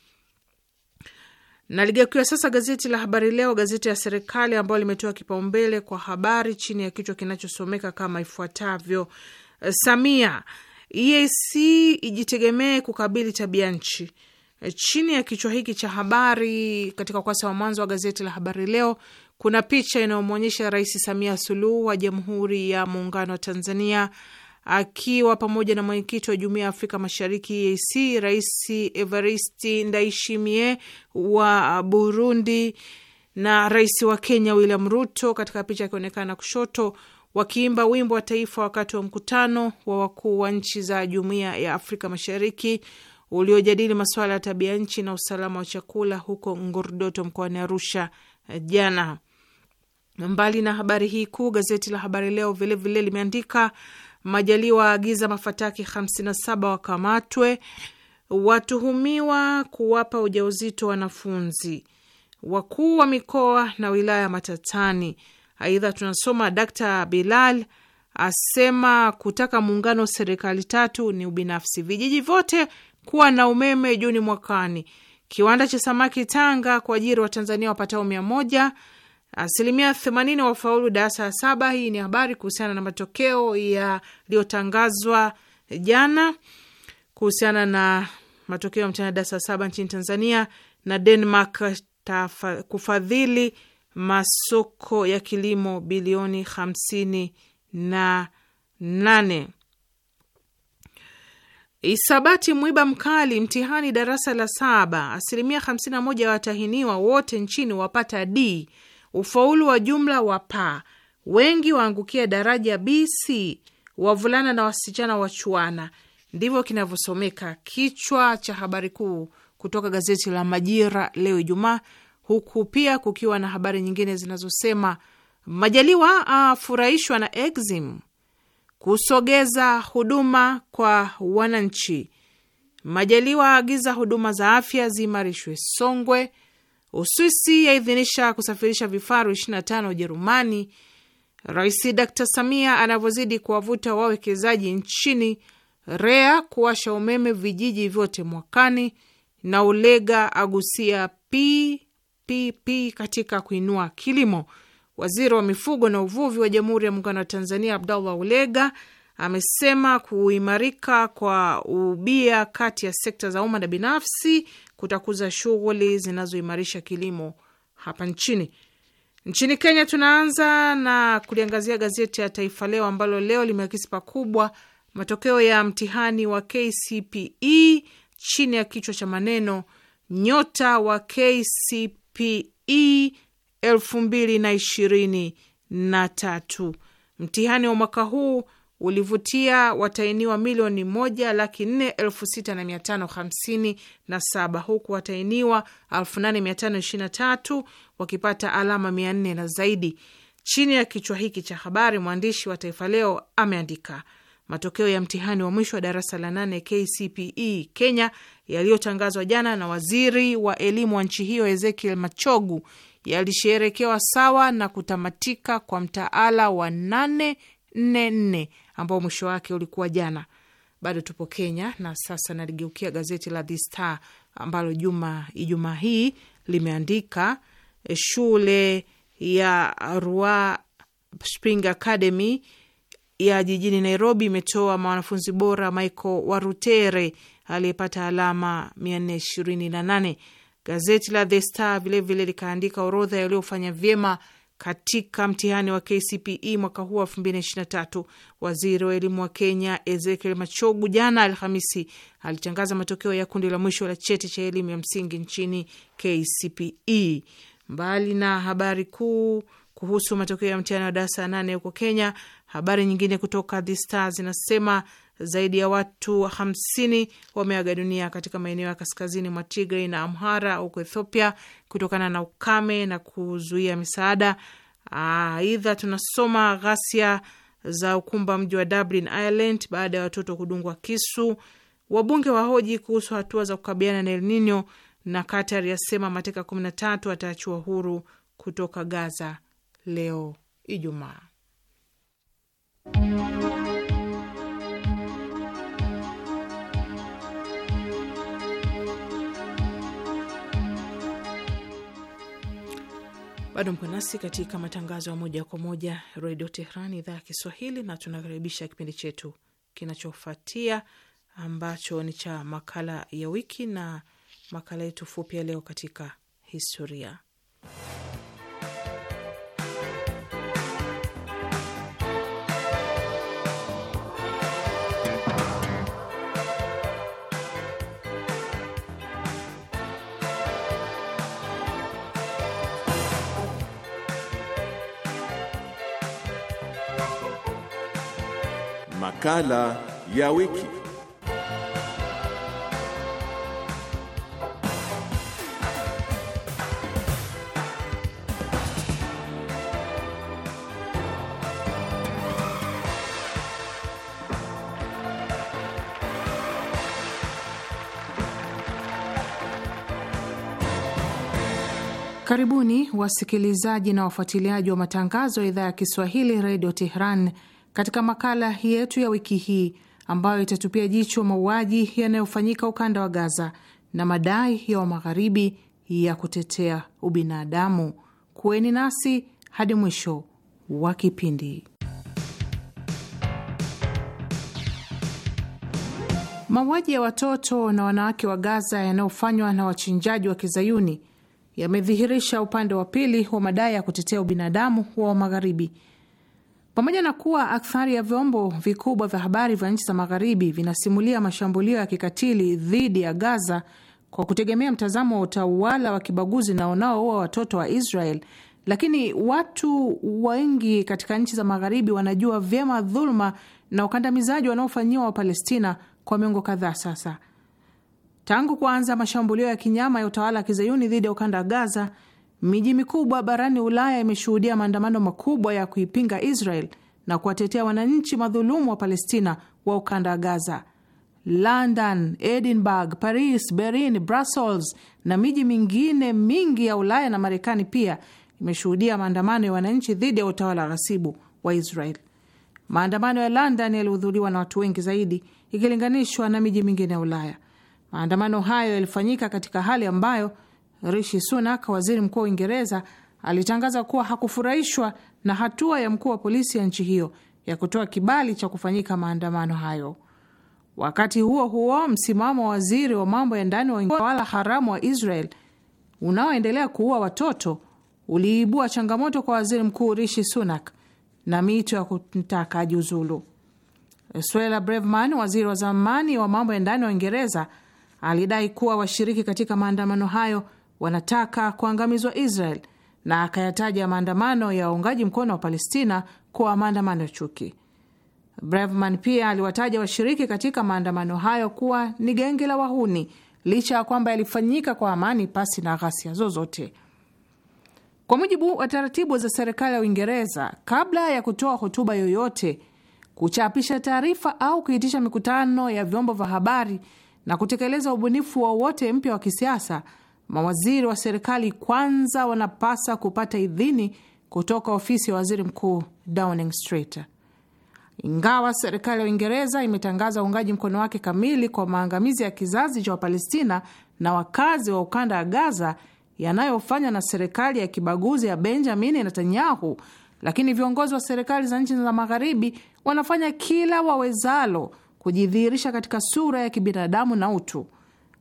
Naligeukia sasa gazeti la Habari Leo, gazeti ya serikali ambayo limetoa kipaumbele kwa habari chini ya kichwa kinachosomeka kama ifuatavyo: Samia EAC ijitegemee kukabili tabia nchi Chini ya kichwa hiki cha habari katika ukurasa wa mwanzo wa gazeti la Habari Leo kuna picha inayomwonyesha Rais Samia Suluhu wa Jamhuri ya Muungano wa Tanzania akiwa pamoja na mwenyekiti wa Jumuiya ya Afrika Mashariki EAC, Rais Evaristi Ndaishimie wa Burundi na rais wa Kenya William Ruto, katika picha akionekana kushoto, wakiimba wimbo wa taifa wakati wa mkutano wa wakuu wa nchi za Jumuiya ya Afrika Mashariki uliojadili masuala ya tabia nchi na usalama wa chakula huko Ngordoto mkoani Arusha eh, jana. Mbali na habari hii kuu, gazeti la Habari Leo vilevile limeandika Majaliwa waagiza mafataki 57 wakamatwe, watuhumiwa kuwapa ujauzito wanafunzi, wakuu wa mikoa na wilaya matatani. Aidha tunasoma Dr Bilal asema kutaka muungano wa serikali tatu ni ubinafsi, vijiji vyote kuwa na umeme Juni mwakani, kiwanda cha samaki Tanga kwa ajili tanzania wapatao mia moja, asilimia themanini wafaulu darasa ya saba. Hii ni habari kuhusiana na matokeo yaliyotangazwa jana kuhusiana na matokeo ya mtihani darasa la saba nchini Tanzania na Denmark tafa, kufadhili masoko ya kilimo bilioni hamsini na nane. Isabati mwiba mkali mtihani darasa la saba, asilimia 51 ya watahiniwa wote nchini wapata D, ufaulu wa jumla wa pa, wengi waangukia daraja BC, wavulana na wasichana wachuana. Ndivyo kinavyosomeka kichwa cha habari kuu kutoka gazeti la Majira leo Ijumaa, huku pia kukiwa na habari nyingine zinazosema Majaliwa afurahishwa na Exim, kusogeza huduma kwa wananchi. Majaliwa aagiza huduma za afya ziimarishwe Songwe. Uswisi yaidhinisha kusafirisha vifaru 25 Ujerumani. Rais Dr Samia anavyozidi kuwavuta wawekezaji nchini. REA kuwasha umeme vijiji vyote mwakani, na Ulega agusia PPP katika kuinua kilimo. Waziri wa mifugo na uvuvi wa Jamhuri ya Muungano wa Tanzania Abdallah Ulega amesema kuimarika kwa ubia kati ya sekta za umma na binafsi kutakuza shughuli zinazoimarisha kilimo hapa nchini. Nchini Kenya, tunaanza na kuliangazia gazeti ya Taifa Leo ambalo leo limeakisi pakubwa matokeo ya mtihani wa KCPE chini ya kichwa cha maneno nyota wa KCPE elfu mbili na ishirini na tatu. Mtihani wa mwaka huu ulivutia watainiwa milioni moja laki nne elfu sita na mia tano hamsini na saba huku watainiwa elfu nane mia tano ishirini na tatu wakipata alama mia nne na zaidi. Chini ya kichwa hiki cha habari mwandishi wa Taifa Leo ameandika matokeo ya mtihani wa mwisho wa darasa la nane KCPE Kenya yaliyotangazwa jana na waziri wa elimu wa nchi hiyo Ezekiel Machogu yalisherekewa sawa na kutamatika kwa mtaala wa 844 ambao mwisho wake ulikuwa jana. Bado tupo Kenya na sasa naligeukia gazeti la The Star ambalo juma Ijumaa hii limeandika eh, shule ya Rua Spring Academy ya jijini Nairobi imetoa mwanafunzi bora Michael Warutere aliyepata alama 428. Gazeti la The Star vilevile likaandika orodha yaliyofanya vyema katika mtihani wa KCPE mwaka huu wa tatu. Waziri wa elimu wa Kenya Ezekiel Machogu jana Alhamisi alitangaza matokeo ya kundi la mwisho la cheti cha elimu ya msingi nchini KCPE. Mbali na habari kuu kuhusu matokeo ya mtihani wa darasa nane huko Kenya, habari nyingine kutoka The Star zinasema zaidi ya watu 50 wameaga dunia katika maeneo ya kaskazini mwa Tigray na Amhara huko Ethiopia kutokana na ukame na kuzuia misaada. Aidha, tunasoma ghasia za ukumba mji wa Dublin, Ireland, baada ya watoto kudungwa kisu. Wabunge wahoji kuhusu hatua za kukabiliana na El Nino, na Qatar yasema mateka 13 ataachiwa huru kutoka Gaza leo Ijumaa. Bado mpo nasi katika matangazo ya moja kwa moja redio Tehran, idhaa ya Kiswahili, na tunakaribisha kipindi chetu kinachofuatia ambacho ni cha makala ya wiki na makala yetu fupi ya leo katika historia. makala ya wiki. Karibuni wasikilizaji na wafuatiliaji wa matangazo ya idhaa ya Kiswahili redio Tehran katika makala yetu ya wiki hii ambayo itatupia jicho mauaji yanayofanyika ukanda wa Gaza na madai ya Wamagharibi ya kutetea ubinadamu. Kuweni nasi hadi mwisho wa kipindi. Mauaji ya watoto na wanawake wa Gaza yanayofanywa na wachinjaji wa kizayuni yamedhihirisha upande wa pili wa madai ya kutetea ubinadamu wa Magharibi pamoja na kuwa akthari ya vyombo vikubwa vya habari vya nchi za magharibi vinasimulia mashambulio ya kikatili dhidi ya Gaza kwa kutegemea mtazamo wa utawala wa kibaguzi na unaoua watoto wa Israel, lakini watu wengi katika nchi za magharibi wanajua vyema dhuluma na ukandamizaji wanaofanyiwa Wapalestina kwa miongo kadhaa sasa. Tangu kuanza mashambulio ya kinyama ya utawala wa kizayuni dhidi ya ukanda wa Gaza, Miji mikubwa barani Ulaya imeshuhudia maandamano makubwa ya kuipinga Israel na kuwatetea wananchi madhulumu wa Palestina wa ukanda wa Gaza. London, Edinburgh, Paris, Berlin, Brussels na miji mingine mingi ya Ulaya na Marekani pia imeshuhudia maandamano ya wananchi dhidi ya utawala ghasibu wa Israel. Maandamano ya London yalihudhuriwa na watu wengi zaidi ikilinganishwa na miji mingine ya Ulaya. Maandamano hayo yalifanyika katika hali ambayo Rishi Sunak, waziri mkuu wa Uingereza, alitangaza kuwa hakufurahishwa na hatua ya mkuu wa polisi ya nchi hiyo ya kutoa kibali cha kufanyika maandamano hayo. Wakati huo huo, msimamo wa waziri wa mambo ya ndani wa utawala haramu wa Israel unaoendelea kuua watoto uliibua changamoto kwa waziri mkuu Rishi Sunak na mito ya kutaka ajiuzulu. Suella Braverman, waziri wa zamani wa mambo ya ndani wa Uingereza, alidai kuwa washiriki katika maandamano hayo wanataka kuangamizwa Israel na akayataja maandamano ya waungaji mkono wa Palestina kuwa maandamano ya chuki. Bravman pia aliwataja washiriki katika maandamano hayo kuwa ni genge la wahuni, licha ya kwamba yalifanyika kwa amani pasi na ghasia zozote. Kwa mujibu wa taratibu za serikali ya Uingereza, kabla ya kutoa hotuba yoyote, kuchapisha taarifa au kuitisha mikutano ya vyombo vya habari na kutekeleza ubunifu wowote mpya wa kisiasa mawaziri wa serikali kwanza wanapasa kupata idhini kutoka ofisi ya waziri mkuu Downing Street. Ingawa serikali ya Uingereza imetangaza uungaji mkono wake kamili kwa maangamizi ya kizazi cha Wapalestina na wakazi wa ukanda wa Gaza yanayofanywa na serikali ya kibaguzi ya Benjamin Netanyahu, lakini viongozi wa serikali za nchi za Magharibi wanafanya kila wawezalo kujidhihirisha katika sura ya kibinadamu na utu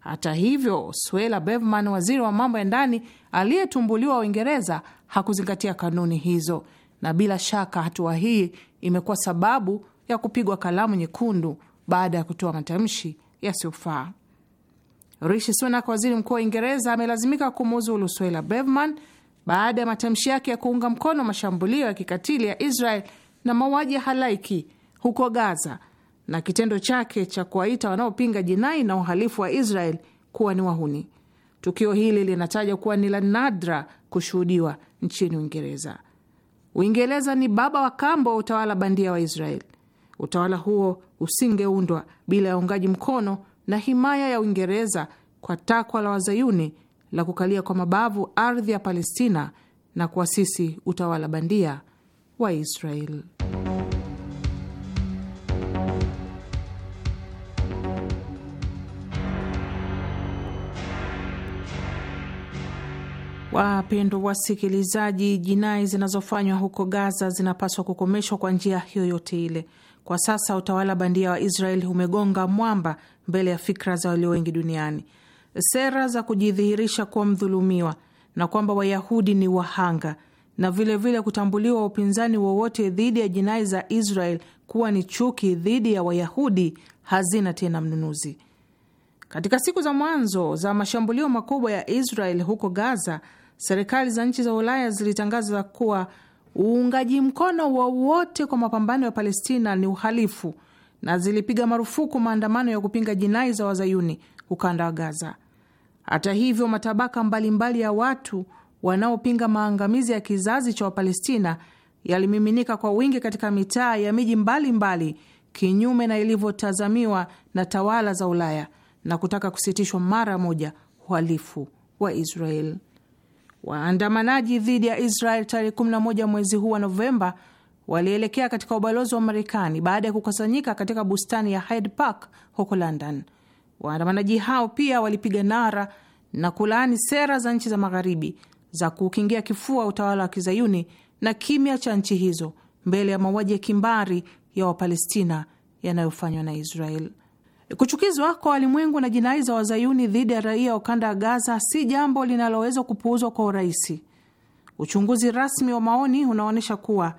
hata hivyo, Suella Braverman, waziri wa mambo ya ndani aliyetumbuliwa Uingereza, hakuzingatia kanuni hizo, na bila shaka hatua hii imekuwa sababu ya kupigwa kalamu nyekundu baada ya kutoa matamshi yasiyofaa. Rishi Sunak, waziri mkuu wa Uingereza, amelazimika kumuuzulu Suella Braverman baada ya matamshi yake ya kuunga mkono mashambulio ya kikatili ya Israel na mauaji ya halaiki huko Gaza na kitendo chake cha kuwaita wanaopinga jinai na uhalifu wa Israel kuwa ni wahuni. Tukio hili linataja kuwa ni la nadra kushuhudiwa nchini Uingereza. Uingereza ni baba wa kambo wa utawala bandia wa Israel. Utawala huo usingeundwa bila ya uungaji mkono na himaya ya Uingereza kwa takwa la wazayuni la kukalia kwa mabavu ardhi ya Palestina na kuasisi utawala bandia wa Israel. Wapendwa wasikilizaji, jinai zinazofanywa huko Gaza zinapaswa kukomeshwa kwa njia yoyote ile. Kwa sasa utawala bandia wa israel umegonga mwamba mbele ya fikra za walio wengi duniani. Sera za kujidhihirisha kuwa mdhulumiwa na kwamba Wayahudi ni wahanga na vilevile vile kutambuliwa upinzani wowote dhidi ya jinai za Israel kuwa ni chuki dhidi ya Wayahudi hazina tena mnunuzi. Katika siku za mwanzo za mashambulio makubwa ya Israel huko Gaza, serikali za nchi za Ulaya zilitangaza kuwa uungaji mkono wowote kwa mapambano ya Palestina ni uhalifu na zilipiga marufuku maandamano ya kupinga jinai za wazayuni ukanda wa Gaza. Hata hivyo, matabaka mbalimbali mbali ya watu wanaopinga maangamizi ya kizazi cha Wapalestina yalimiminika kwa wingi katika mitaa ya miji mbalimbali, kinyume na ilivyotazamiwa na tawala za Ulaya na kutaka kusitishwa mara moja uhalifu wa Israeli. Waandamanaji dhidi ya Israel tarehe 11 mwezi huu wa Novemba walielekea katika ubalozi wa Marekani baada ya kukusanyika katika bustani ya Hyde Park huko London. Waandamanaji hao pia walipiga nara na kulaani sera za nchi za Magharibi za kuukingia kifua utawala wa kizayuni na kimya cha nchi hizo mbele ya mauaji ya kimbari ya Wapalestina yanayofanywa na Israel. Kuchukizwa kwa walimwengu na jinai za wazayuni dhidi ya raia wa ukanda wa Gaza si jambo linaloweza kupuuzwa kwa urahisi. Uchunguzi rasmi wa maoni unaonyesha kuwa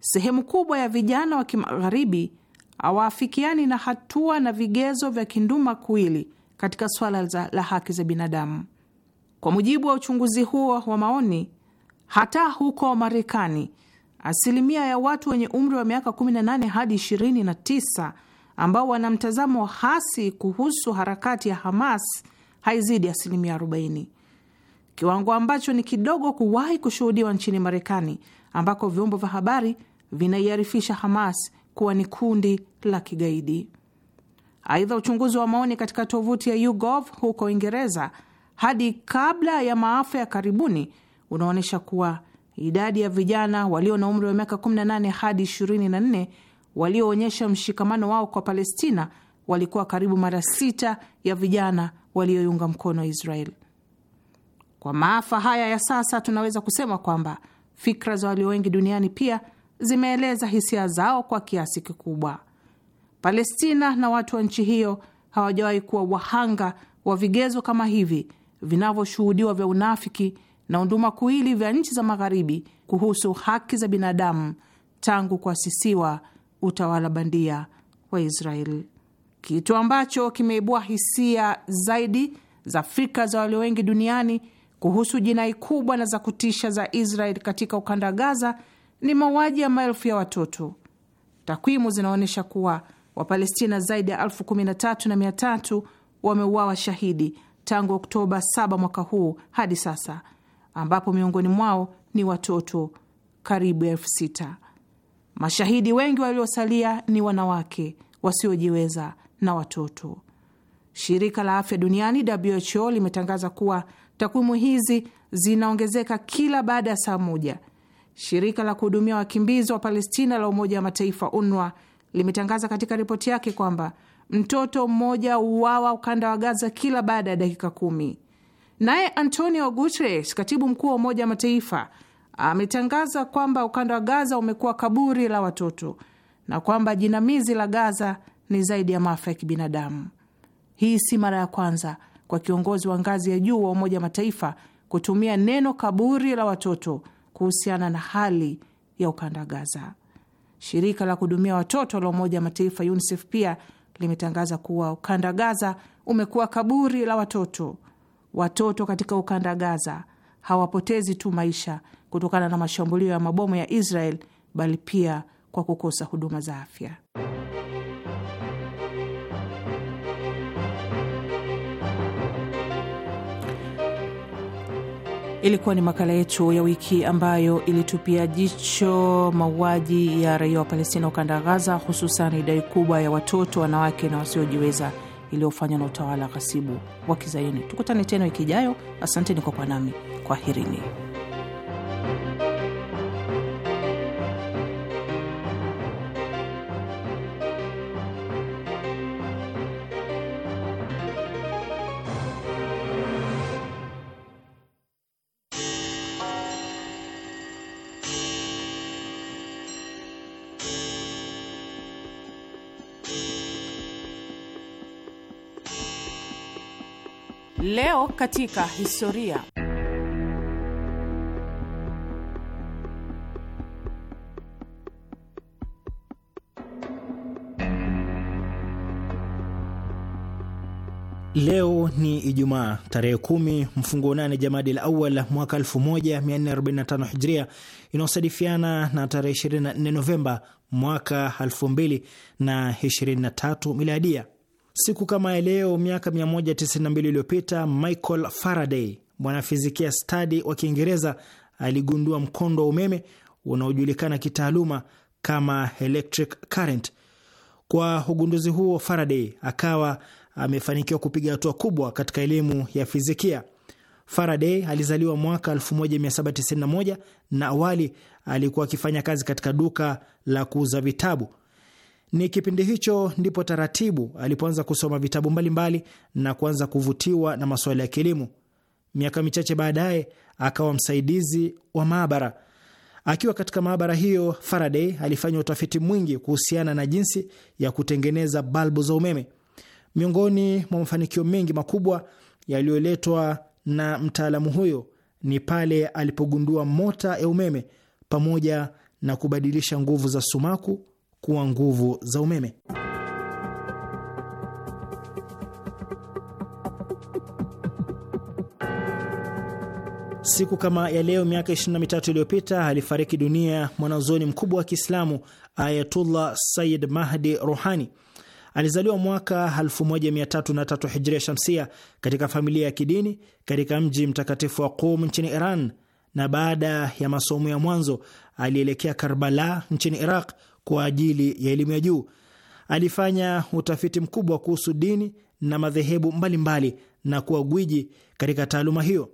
sehemu kubwa ya vijana wa kimagharibi hawaafikiani na hatua na vigezo vya kinduma kuili katika swala la haki za binadamu. Kwa mujibu wa uchunguzi huo wa maoni, hata huko Marekani asilimia ya watu wenye umri wa miaka 18 hadi 29 ambao wana mtazamo hasi kuhusu harakati ya Hamas haizidi asilimia 40, kiwango ambacho ni kidogo kuwahi kushuhudiwa nchini Marekani, ambako vyombo vya habari vinaiarifisha Hamas kuwa ni kundi la kigaidi. Aidha, uchunguzi wa maoni katika tovuti ya YouGov huko Uingereza hadi kabla ya maafa ya karibuni unaonyesha kuwa idadi ya vijana walio na umri wa miaka 18 hadi 24 walioonyesha mshikamano wao kwa Palestina walikuwa karibu mara sita ya vijana walioiunga mkono israel Kwa maafa haya ya sasa, tunaweza kusema kwamba fikra za walio wengi duniani pia zimeeleza hisia zao kwa kiasi kikubwa. Palestina na watu wa nchi hiyo hawajawahi kuwa wahanga wa vigezo kama hivi vinavyoshuhudiwa vya unafiki na unduma kuili vya nchi za Magharibi kuhusu haki za binadamu tangu kuasisiwa utawala bandia wa israel kitu ambacho kimeibua hisia zaidi za fikra za walio wengi duniani kuhusu jinai kubwa na za kutisha za israel katika ukanda wa Gaza ni mauaji ya maelfu ya watoto. Takwimu zinaonyesha kuwa Wapalestina zaidi ya elfu kumi na tatu na mia tatu wameuawa shahidi tangu Oktoba 7 mwaka huu hadi sasa, ambapo miongoni mwao ni watoto karibu elfu sita. Mashahidi wengi waliosalia ni wanawake wasiojiweza na watoto. Shirika la Afya Duniani WHO limetangaza kuwa takwimu hizi zinaongezeka kila baada ya saa moja. Shirika la kuhudumia wakimbizi wa Palestina la Umoja wa Mataifa UNWA limetangaza katika ripoti yake kwamba mtoto mmoja uawa ukanda wa Gaza kila baada ya dakika kumi. Naye Antonio Guterres, katibu mkuu wa Umoja wa Mataifa, ametangaza kwamba ukanda wa Gaza umekuwa kaburi la watoto na kwamba jinamizi la Gaza ni zaidi ya maafa ya kibinadamu. Hii si mara ya kwanza kwa kiongozi wa ngazi ya juu wa Umoja Mataifa kutumia neno kaburi la watoto kuhusiana na hali ya ukanda wa Gaza. Shirika la kuhudumia watoto la Umoja Mataifa UNICEF pia limetangaza kuwa ukanda Gaza umekuwa kaburi la watoto. Watoto katika ukanda Gaza hawapotezi tu maisha kutokana na mashambulio ya mabomu ya Israel, bali pia kwa kukosa huduma za afya. Ilikuwa ni makala yetu ya wiki ambayo ilitupia jicho mauaji ya raia wa Palestina ukanda Gaza, hususan idadi kubwa ya watoto, wanawake na wasiojiweza iliyofanywa na utawala ghasibu wa Kizayuni. Tukutane tena wiki ijayo. Asanteni kwa kuwa nami. Kwaherini. Leo katika historia. Leo ni Ijumaa tarehe kumi mfungo nane Jamadi la Awal mwaka 1445 Hijria, inayosadifiana na tarehe 24 Novemba mwaka 2023 Miladia. Siku kama ya leo miaka 192 iliyopita, Michael Faraday, mwanafizikia stadi wa Kiingereza, aligundua mkondo wa umeme unaojulikana kitaaluma kama electric current. Kwa ugunduzi huo, Faraday akawa amefanikiwa kupiga hatua kubwa katika elimu ya fizikia. Faraday alizaliwa mwaka 1791 na awali alikuwa akifanya kazi katika duka la kuuza vitabu. Ni kipindi hicho ndipo taratibu alipoanza kusoma vitabu mbalimbali mbali na kuanza kuvutiwa na masuala ya kilimo. Miaka michache baadaye akawa msaidizi wa maabara. Akiwa katika maabara hiyo, Faraday alifanya utafiti mwingi kuhusiana na jinsi ya kutengeneza balbu za umeme. Miongoni mwa mafanikio mengi makubwa yaliyoletwa na mtaalamu huyo ni pale alipogundua mota ya umeme pamoja na kubadilisha nguvu za sumaku kuwa nguvu za umeme. Siku kama ya leo miaka 23 iliyopita alifariki dunia mwanazoni mkubwa wa Kiislamu Ayatullah Sayyid Mahdi Rohani. Alizaliwa mwaka 1303 hijria shamsia katika familia ya kidini katika mji mtakatifu wa Qum nchini Iran, na baada ya masomo ya mwanzo alielekea Karbala nchini Iraq kwa ajili ya elimu ya juu. Alifanya utafiti mkubwa kuhusu dini na madhehebu mbalimbali mbali na kuwa gwiji katika taaluma hiyo.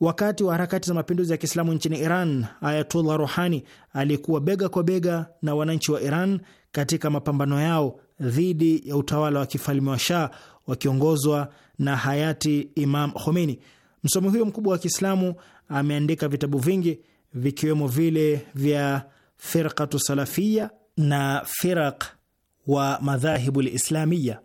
Wakati wa harakati za mapinduzi ya Kiislamu nchini Iran, Ayatullah Ruhani alikuwa bega kwa bega na wananchi wa Iran katika mapambano yao dhidi ya utawala wa kifalme wa Shah wakiongozwa na hayati Imam Khomeini. Msomi huyo mkubwa wa Kiislamu ameandika vitabu vingi vikiwemo vile vya Firqatu Salafia na Firaq wa Madhahibu Lislamiya.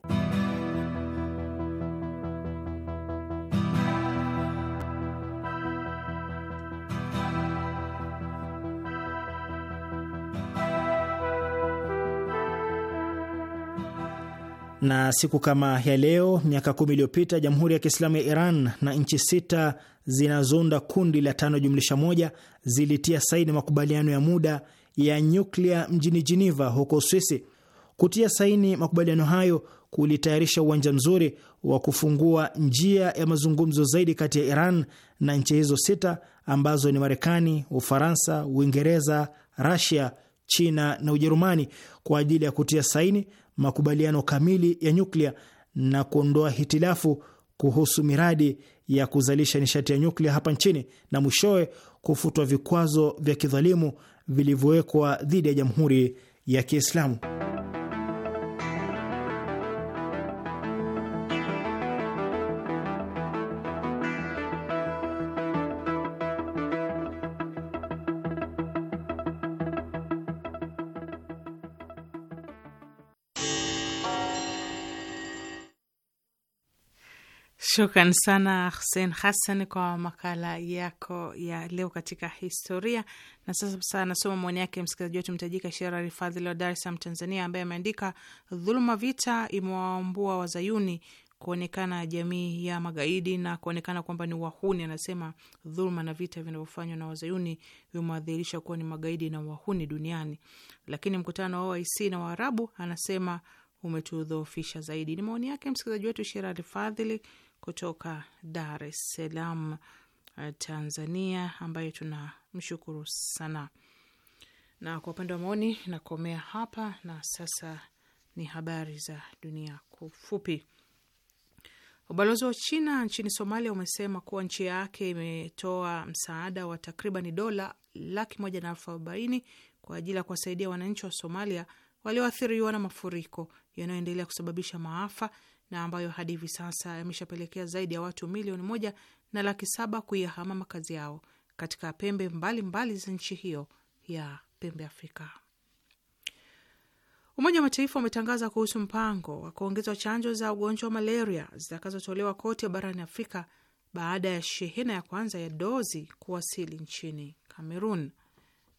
Na siku kama ya leo miaka kumi iliyopita Jamhuri ya Kiislamu ya Iran na nchi sita zinazounda kundi la tano jumlisha moja zilitia saini makubaliano ya muda ya nyuklia mjini jiniva huko Uswisi. Kutia saini makubaliano hayo kulitayarisha uwanja mzuri wa kufungua njia ya mazungumzo zaidi kati ya Iran na nchi hizo sita ambazo ni Marekani, Ufaransa, Uingereza, Rasia, China na Ujerumani kwa ajili ya kutia saini makubaliano kamili ya nyuklia na kuondoa hitilafu kuhusu miradi ya kuzalisha nishati ya nyuklia hapa nchini na mwishowe kufutwa vikwazo vya kidhalimu vilivyowekwa dhidi ya Jamhuri ya Kiislamu. Shukran sana Hussein Hassan kwa makala yako ya leo katika historia. Na sasa sasa anasoma maoni yake msikilizaji wetu mtajika Sherari Fadhili wa Dar es Salaam, Tanzania, ambaye ameandika dhuluma vita imewaambua wazayuni kuonekana jamii ya magaidi na kuonekana kwamba ni wahuni. Anasema dhuluma na vita vinavyofanywa na wazayuni vimewadhihirisha kuwa ni magaidi na wahuni duniani, lakini mkutano wa OIC na Waarabu anasema umetudhoofisha zaidi. Ni maoni yake msikilizaji wetu Sherari Fadhili kutoka Dar es Salaam, eh, Tanzania, ambayo tunamshukuru sana. Na kwa upande wa maoni nakomea hapa, na sasa ni habari za dunia kwa ufupi. Ubalozi wa China nchini Somalia umesema kuwa nchi yake imetoa msaada wa takriban dola laki moja na elfu arobaini kwa ajili ya kuwasaidia wananchi wa Somalia walioathiriwa na mafuriko yanayoendelea kusababisha maafa na ambayo hadi hivi sasa yameshapelekea zaidi ya watu milioni moja na laki saba kuyahama makazi yao katika pembe mbalimbali za nchi hiyo ya pembe Afrika. Umoja wa Mataifa umetangaza kuhusu mpango wa kuongezwa chanjo za ugonjwa wa malaria zitakazotolewa kote barani Afrika baada ya shehena ya kwanza ya dozi kuwasili nchini Cameroon.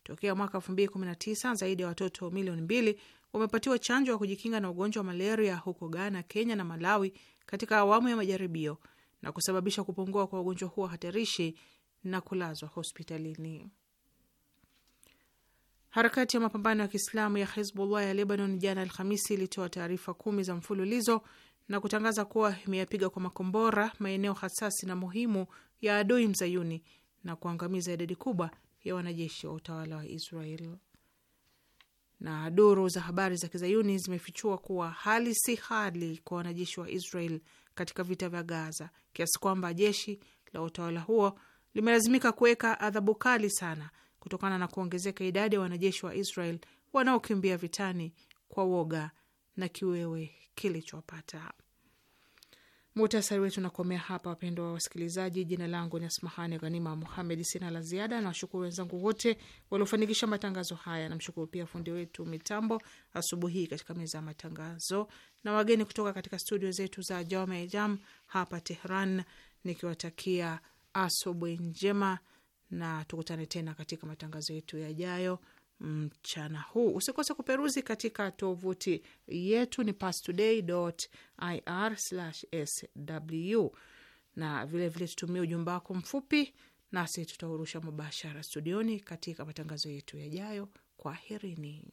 Tokea mwaka 2019 zaidi ya watoto milioni mbili wamepatiwa chanjo ya kujikinga na ugonjwa wa malaria huko Ghana, Kenya na Malawi katika awamu ya majaribio na kusababisha kupungua kwa ugonjwa huo hatarishi na kulazwa hospitalini. Harakati ya mapambano ya Kiislamu ya hizbullah ya Lebanon jana Alhamisi ilitoa taarifa kumi za mfululizo na kutangaza kuwa imeyapiga kwa makombora maeneo hasasi na muhimu ya adui mzayuni na kuangamiza idadi kubwa ya wanajeshi wa utawala wa Israel na duru za habari za kizayuni zimefichua kuwa hali si hali kwa wanajeshi wa Israel katika vita vya Gaza, kiasi kwamba jeshi la utawala huo limelazimika kuweka adhabu kali sana kutokana na kuongezeka idadi ya wanajeshi wa Israel wanaokimbia vitani kwa woga na kiwewe kilichopata Muhtasari wetu nakomea hapa, wa wasikilizaji. Jina langu ni Asmahani Ghanima Muhamed. Sina la ziada, nawashukuru wenzangu wote waliofanikisha matangazo haya. Namshukuru pia fundi wetu mitambo asubuhi hii katika meza ya matangazo na wageni kutoka katika studio zetu za Jame Jam hapa Tehran, nikiwatakia asubuhi njema na tukutane tena katika matangazo yetu yajayo mchana huu. Usikose kuperuzi katika tovuti yetu ni pastoday.ir/sw, na vilevile tutumie ujumbe wako mfupi, nasi tutaurusha mubashara studioni katika matangazo yetu yajayo. Kwaherini.